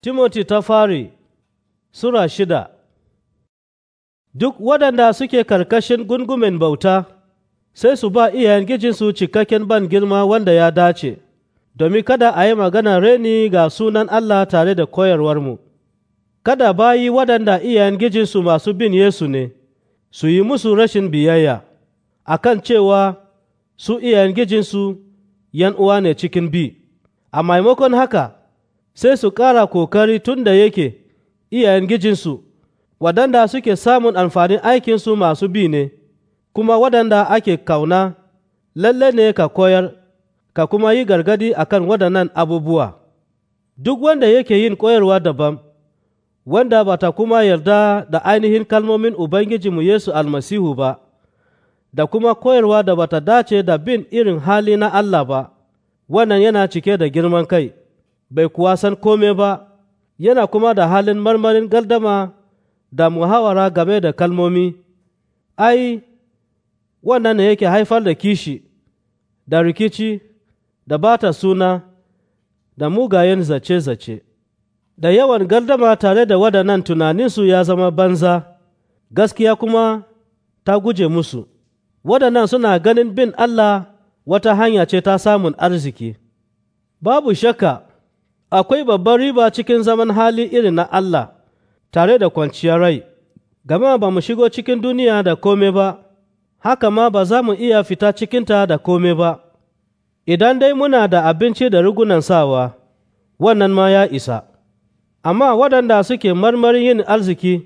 Timoti ta fari Sura shida Duk waɗanda suke karkashin gungumen bauta sai su ba iyayen gijinsu cikakken ban girma wanda ya dace, domin kada a yi magana reni ga sunan Allah tare da koyarwarmu. Kada bayi waɗanda iyayen gijinsu masu bin Yesu ne, su yi musu rashin biyayya, a kan cewa su iyayen gijinsu uwa ne cikin bi, a maimakon haka. sai su ƙara kokari tun da yake iyayen gijinsu waɗanda suke samun amfanin aikinsu masu bi ne kuma waɗanda ake kauna lalle ne ka koyar ka kuma yi gargadi a kan waɗannan abubuwa duk wanda yake yin koyarwa daban wanda ba ta kuma yarda da ainihin kalmomin Ubangijinmu Yesu almasihu ba, da kuma koyarwa da ba ta dace da bin irin hali na Allah ba, wannan yana cike da girman kai. bai kuwa san kome ba, yana kuma da halin marmarin galdama da muhawara game da kalmomi, ai, wannan ne yake haifar da kishi, da rikici, da bata suna, da mugayen zace-zace. Da yawan galdama tare da waɗannan tunaninsu ya zama banza, gaskiya kuma ta guje musu. Waɗannan suna ganin bin Allah wata hanya ce ta samun arziki. Babu shakka akwai babbar riba cikin zaman hali irin na Allah tare da kwanciyar rai, gama ba mu shigo cikin duniya da kome ba, haka ma ba za mu iya fita cikinta da kome ba, idan dai muna da abinci da rugunan sawa, wannan ma ya isa, amma waɗanda suke marmarin yin arziki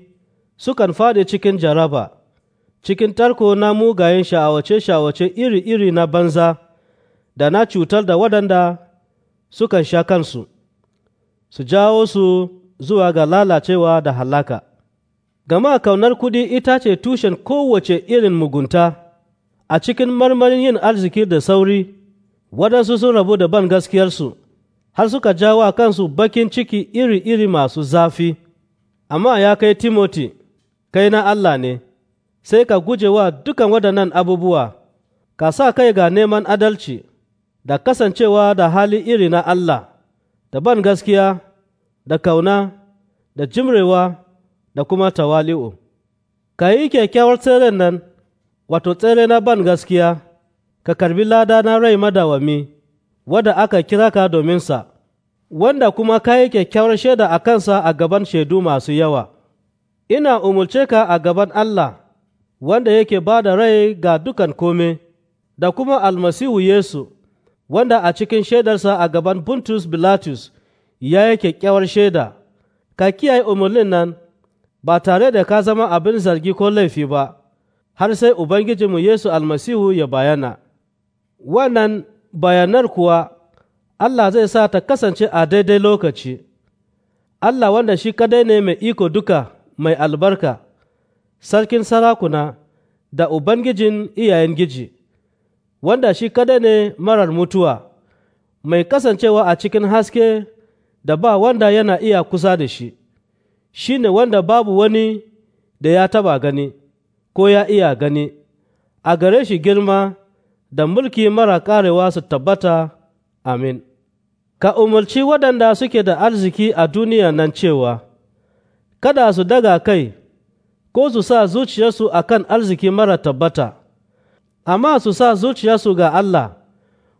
sukan faɗi cikin jaraba, cikin tarko na mugayen sha'awace-sha'awace iri-iri na banza da na cutar da waɗanda sukan sha kansu. su jawo su zuwa ga lalacewa da halaka. Gama kaunar kudi ita ce tushen kowace irin mugunta a cikin marmarin yin arziki da sauri, waɗansu sun rabu da ban gaskiyarsu, har suka jawo a kansu bakin ciki iri-iri masu zafi. Amma ya kai Timoti, kai na Allah ne, sai ka guje wa dukan waɗannan abubuwa, ka sa kai ga neman adalci da kasancewa da hali iri na Allah, da ban gaskiya. da kauna, da jimrewa, da kuma tawali'u. Ka yi kyakkyawar tseren nan, wato tsere na ban gaskiya, ka karbi lada na rai madawami, wadda aka kira ka sa wanda kuma ka yi kyakkyawar shaida a kansa a gaban shaidu masu yawa. Ina umulce ka a gaban Allah, wanda yake ba da rai ga dukan kome, da kuma almasihu Yesu, wanda a cikin shaidarsa a gaban Buntus Bilatus, ya yi kyakkyawar shaida, ka kiyaye umarnin nan ba tare da ka zama abin zargi ko laifi ba, har sai Ubangijinmu Yesu almasihu ya bayana. Wannan bayanar kuwa Allah zai sa ta kasance a daidai lokaci, Allah wanda shi kadai ne mai iko duka mai albarka, sarkin sarakuna da Ubangijin iyayen giji, wanda shi kadai ne marar mutuwa, mai kasancewa a cikin haske da ba wanda yana iya kusa da shi, shi ne wanda babu wani da ya taba gani, ko ya iya gani, a gare shi girma da mulki mara karewa su tabbata, amin. Ka umarci waɗanda suke da arziki a duniya nan cewa, Kada su daga kai, ko su sa zuciyarsu a kan arziki mara tabbata, amma su sa zuciyarsu ga Allah,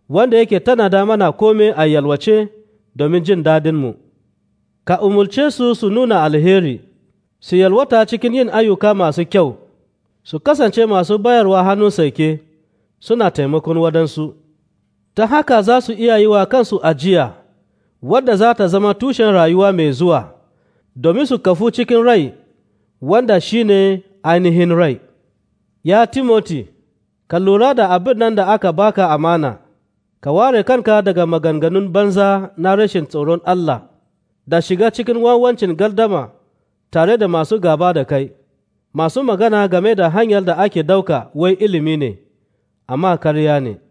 wanda yake tana da mana kome a yalwace. domin jin dadinmu, ka umulce su su nuna alheri, su yalwata cikin yin ayyuka masu kyau, su kasance masu bayarwa hannun sake suna taimakon wadansu, ta haka za su iya yi wa kansu ajiya, wadda za ta zama tushen rayuwa mai zuwa, domin su kafu cikin rai, wanda shi ne ainihin rai. Ya Timoti, ka lura da abin nan da aka baka amana. ka ware kanka daga maganganun banza na rashin tsoron Allah, da shiga cikin wawancin galdama tare da masu gaba da kai, masu magana game da hanyar da ake dauka wai ilimi ne, amma karya ne.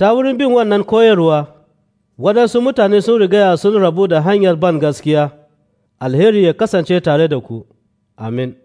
Ta wurin bin wannan koyarwa, waɗansu mutane sun rigaya sun rabu da hanyar ban gaskiya, alheri ya kasance tare da ku. Amin.